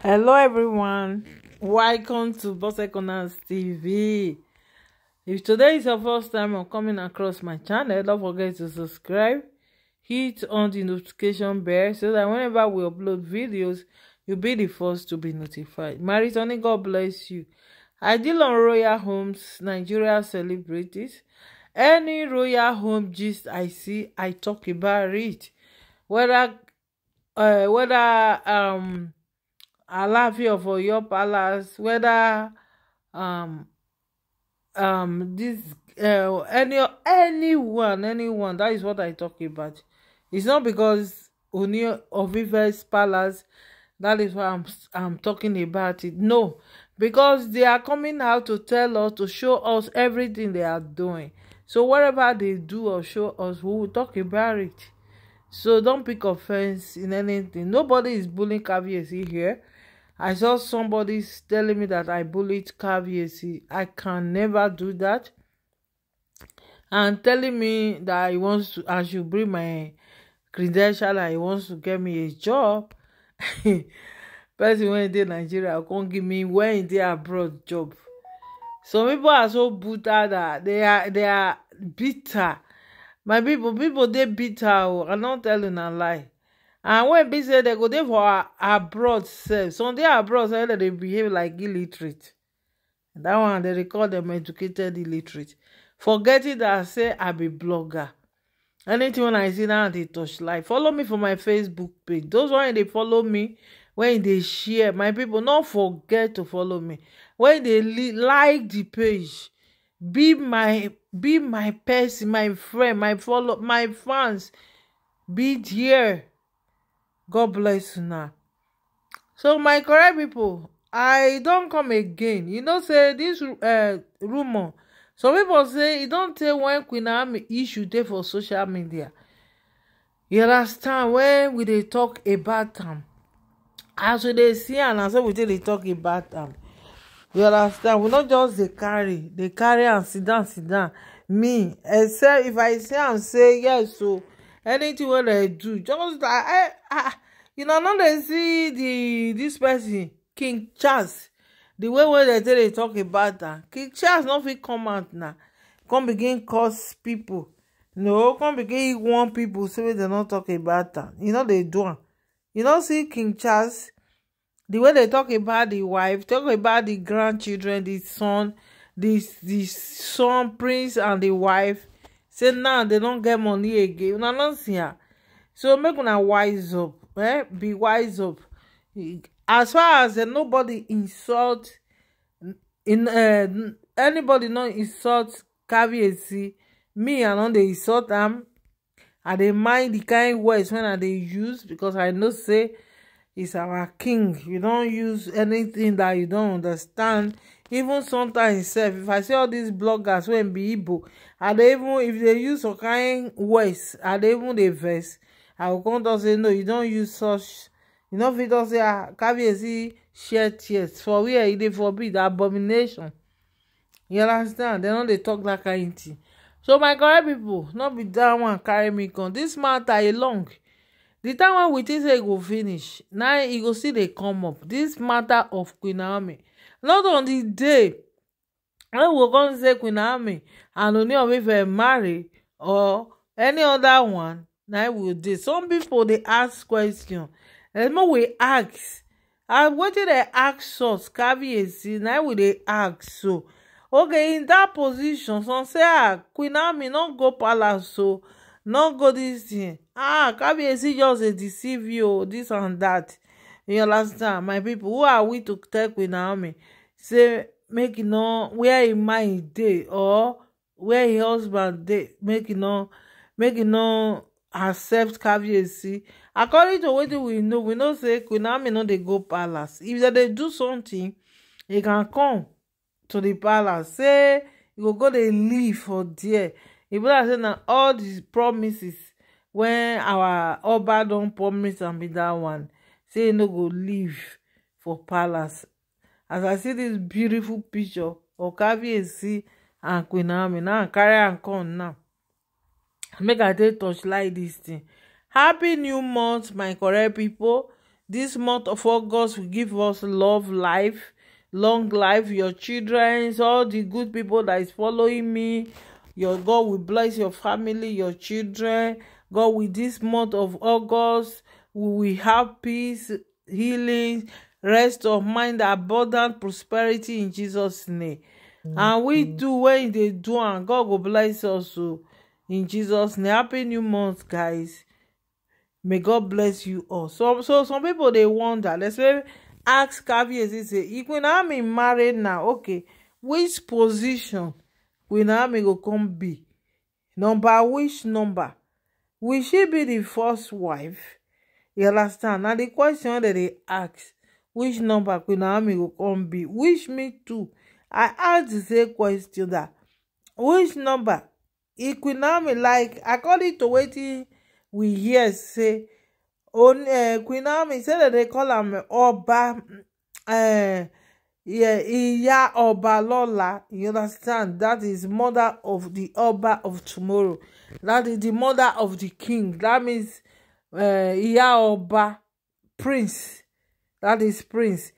Hello everyone, welcome to Boss Corners TV. If today is your first time on coming across my channel, don't forget to subscribe, hit on the notification bell so that whenever we upload videos, you'll be the first to be notified. Tony, God bless you. I deal on royal homes, Nigeria celebrities. Any royal home gist I see, I talk about it. Whether, uh, whether, um, you of your palace whether um um this uh, any anyone anyone that is what i talk about it's not because Ooni of Ife's palace that is what i'm i'm talking about it no because they are coming out to tell us to show us everything they are doing so whatever they do or show us we will talk about it so don't pick offense in anything nobody is bullying Kabiyesi here I saw somebody telling me that I bullied Kaviesi. I can never do that. And telling me that he wants to, I should bring my credential and he wants to get me a job. Person when dey Nigeria can't give me when they abroad job. Some people are so bitter that they are they are bitter. My people, people they bitter. I'm not telling a lie and when be say dem go dey for abroad sef some dey abroad sef dem dey behave like illiterate dat one dem dey call dem educated illiterate forgetting that say i be blogger anything wey i see now dey touch life follow me for my facebook page those one dey follow me when e dey share my people. no forget to follow me when e dey like the page be my be my person my friend my follow my fans be there god bless you now. so my correct people, i don't come again you know say dis eh, rumor. some people say e don tey wen queen naomi issue dey for social media you understand when we dey tok about am as we dey see am na so we dey tok about am you understand we not just dey carry they carry and sit down sit down me except if i say am say yes so anything wey dem do just like eh, ah, ah, you know no dey see the this person king charles the way wey dem dey talk about am king charles no fit come out na come begin curse people, no come begin warn people say wey dem no talk about am You no dey do am you no see king charles the way dem talk about the wife talk about the grandchildren the son di son prince and the wife say now they don't get money again una no see am so make una wise up eh be wise up as far as eh, nobody insult in uh, anybody no insult caviarcy me i no dey insult them. i dey mind the kind words when i dey use because i know say is our king you don't use anything that you don't understand even sometimes sef if i see all these bloggers when be igbo i dey even if they use a kind words i dey even dey verse, i will come talk say no you don't use such you no fit talk say ah kabiyesi shed tears for where e dey forbid abomination you understand They no dey talk dat kind thing so my correct people, not be that one carry me come This matter is long The time when we think it will finish now e go see they come up This matter of queen naomi not on the day wey we come say queen naomi and oni of ife marry or any other one na we will dey some people dey ask question and more we ask and wetin dem ask us caviarcy na we dey ask so okay in that position some say ah queen naomi no go palace o no go this thing ah caviarcy just dey deceive you o dis and that. Your last time, my people. who are we to tell with naomi say make e no where e mind dey or where e husband day make e no make e no accept caviacy. according to what we know we know say queen naomi no they go palace if they do something he can come to the palace say you go go dey live for dear. e be say now all these promises when our oba don promise and be that one say e no go live for palace as i see this beautiful picture okaviesi and queen naomi now i carry am come now make i touch like this thing happy new month my correct people. This month of august will give us love life long life your children all the good people that is following me your god will bless your family your children god with this month of august we will have peace, healing, rest of mind, abundant prosperity in Jesus' name. Mm-hmm. And we do when they do, and God will bless us too. Oh, in Jesus' name. Happy new month, guys. May God bless you all. So, so some people they wonder. Let's say, ask Kabiyesi say, "If we now Naomi married now. Okay, which position we now Naomi go come be? Number which number? Will she be the first wife? you understand now the question that they ask which number queen naomi go come be which me too i asked the same question that which number if queen naomi like according to wetin we hear say on eh, queen naomi say that they call him oba eh, Yeah, iya oba lola you understand that is mother of the oba of tomorrow That is the mother of the king That means uh, eh, Iya Oba, prince that is prince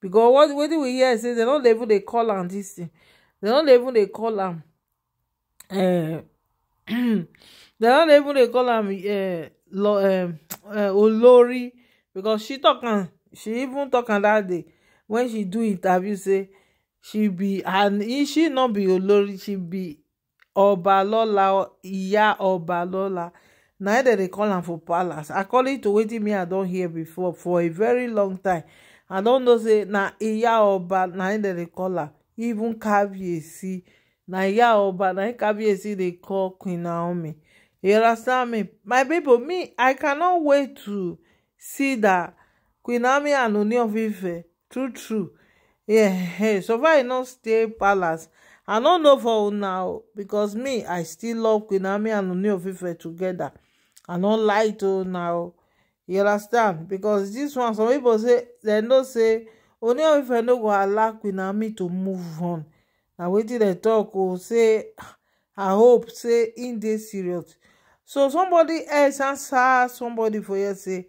because what do we hear say dem no even they call am this thing They no even they call am uh, they no even they call am uh, lo, uh, uh, olori because she talking. she even talking that day when she do interview say she be and she not be olori she be ọbalọla ìyá ọbalọla na dem dey call am for palace according to wetin me i don hear before for a very long time i don know say na iya oba na im dem dey call am even kabiyesi na iya oba na im kabiyesi dey call queen naomi you my pipo me i cannot wait to see that queen naomi and oni true true yeah so far e no stay palace i no know for una o because me i still love queen naomi and oni together i no lie to now you understand Because this one some people say they don't say only if I know go lack queen ami to move on na wetin they talk or say i hope say in this serious so somebody else answer somebody for here say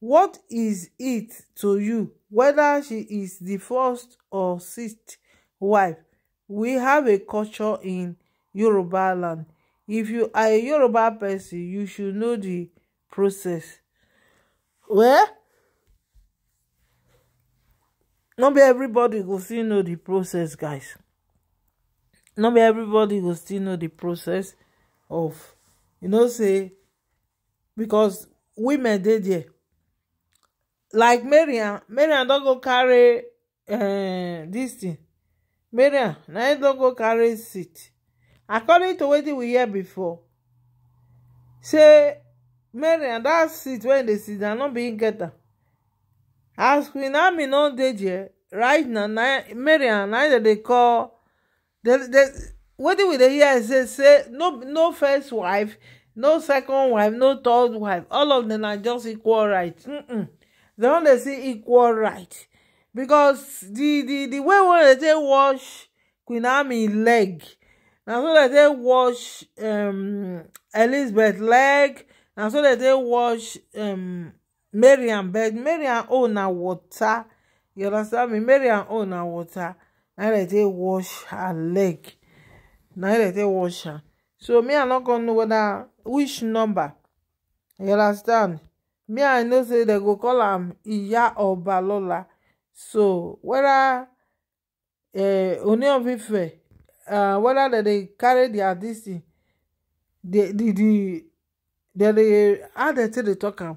what is it to you whether she is the first or sixth wife we have a culture in yoruba land if you are a yoruba person you should know the process well no be everybody go still know the process guys no be everybody go still know the process of you know say because women dey there like marian marian don go carry uh, eh, dis thing marian na im don go carry seat according to wetin we hear before say mariam dat seat wey dey sit down no be im get am as queen ami no dey there right now mariam na dem dey call wetin we dey hear say say no no first wife no second wife no third wife all of them na just equal right dem don dey see equal right because the the the way wey dem take wash queen ami leg na so dem take wash um, elizabeth leg na so dem take wash um, mariam bed Maryam own na water you understand me Maryam own na water na dem take wash her leg na dem take wash am so me i no come know whether which number you understand me i know say dem go call am iya or Balola. so whether uh, Ooni of Uh, whether dem they carry their dis thing the the dem they how dem take dey talk am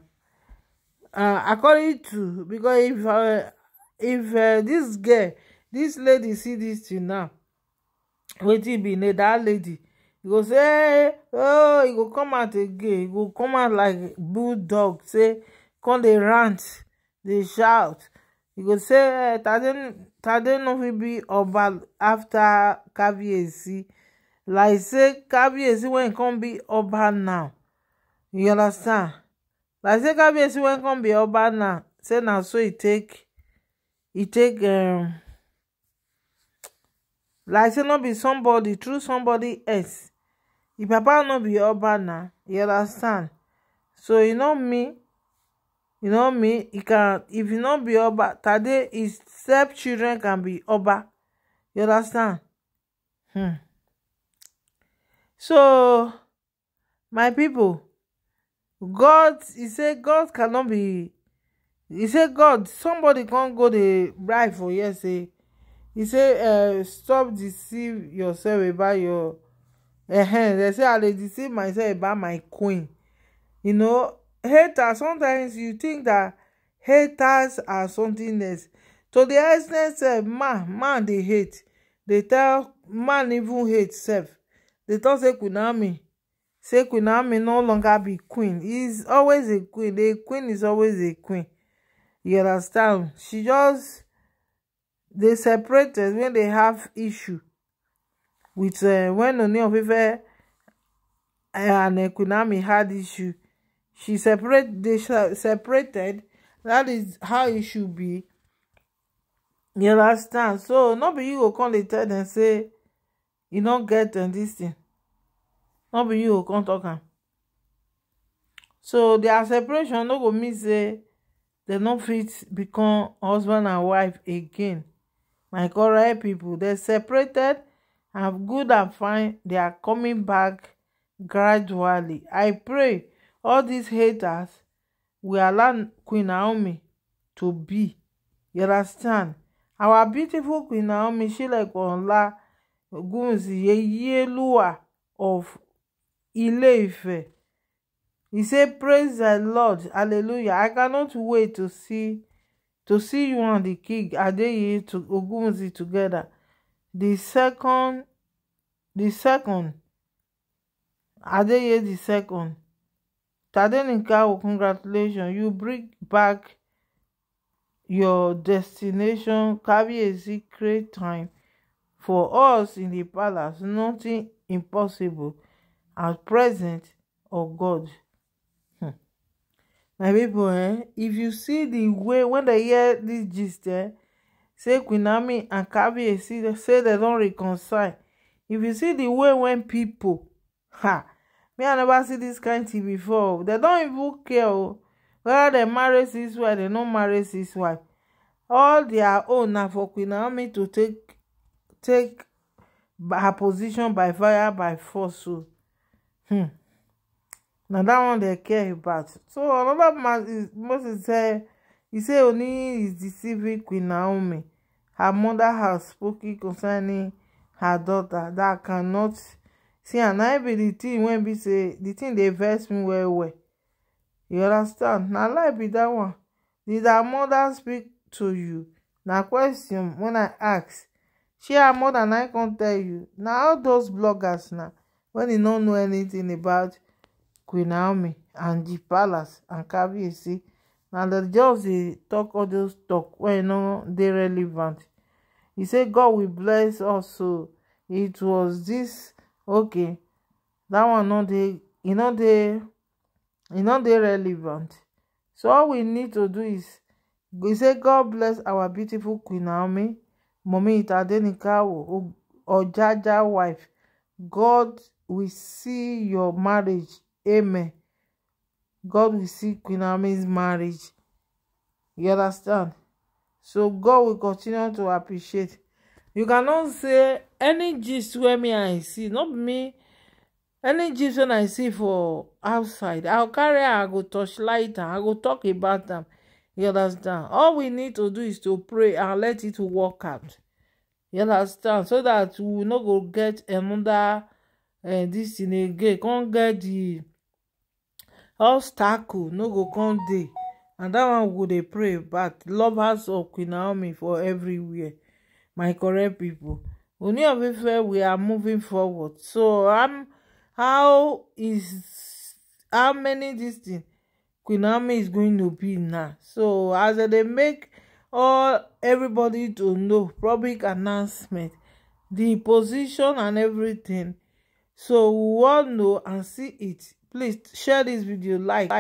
uh, according to because if uh, if this girl this lady see this thing now wetin e be na dat lady He go say eh, oh he go come out again he go come out like bulldog say come dey rant dey shout e go say eh, tade no fit be oba afta caviarcy like say caviarcy wen come be oba now you understand like say caviarcy wen come be oba now say now so he take he take um, like say not be somebody through somebody else e papa not be oba now you understand so e no me you know me. He can if you not be oba today his step children can be oba you understand hmm so my people, god He say god cannot be He say god somebody con go dey bribe for here say e say eh, stop deceive yourself about your uh eh, -huh. Eh, they say i dey deceive myself about my queen you know haters sometimes you think that haters are something else to the extent sef man man they hate They tell man even hate self. They tell say Queen say Queen no longer be queen is always a queen The queen is always a queen you understand she just they separated when they have issue Which uh, eh, when Ooni of Ife eh, and uh, had issue she separate they separated that is how it should be you understand so no be you go come dey tell dem say you don't get this thing no be you go come talk am so their separation no go mean say They no fit become husband and wife again my correct people. They separated Have good and fine They are coming back gradually i pray all these haters will allow queen naomi to be you understand our beautiful queen naomi ye Ọlágúnsìyẹ of ile he said, praise the lord hallelujah i cannot wait to see to see you and the king Adéyẹyè to Ogunwusi together the second the second Are they the second tadenikawo congratulations you bring back your destination Carry a secret time for us in the palace nothing impossible at present of oh God. Hmm. my people, eh if you see the way when dem hear this gist eh say Queen Naomi and Kabiyesi say they don't reconcile if you see the way when people, ha me i never see dis kind thing before dem don even care o oh. whether dem marry six wife dem no marry six wife all dia own na for queen naomi to take take her position by fire by force so oh. hmm na dat one dem care about so anoda man moses say e say oni is deceiving queen naomi her mother has spoken concerning her daughter that cannot see and na be the thing when be say di tin dey vex me well well you understand Now lie be dat one did our mother speak to you Now question when i ask she her mother na i con tell you Now all those bloggers now, when they don't know anything about queen naomi and the palace and kabiyesi now dem just they talk all those tok wey e no dey relevant He said, god will bless us so it was this okay that one no dey e no dey e no dey relevant so all we need to do is we say god bless our beautiful queen naomi mummy adenikawo ojaja wife god will see your marriage amen god will see queen naomi's marriage you understand so god will continue to appreciate you cannot say any gist wey me i see no be me any gist wey i see for outside i go carry am i go torchlight am i go talk about am you understand all we need to do is to pray and let it work out you understand so that we no go get another uh, this thing again come get the obstacle no go come dey and that one we go dey pray about lovers of Queen Naomi for everywhere my correct people Ooni of Ife we are moving forward so um, how is how many this thing Queen Naomi is going to be now so as they make all everybody to know public announcement the position and everything so we all know and see it please share this video like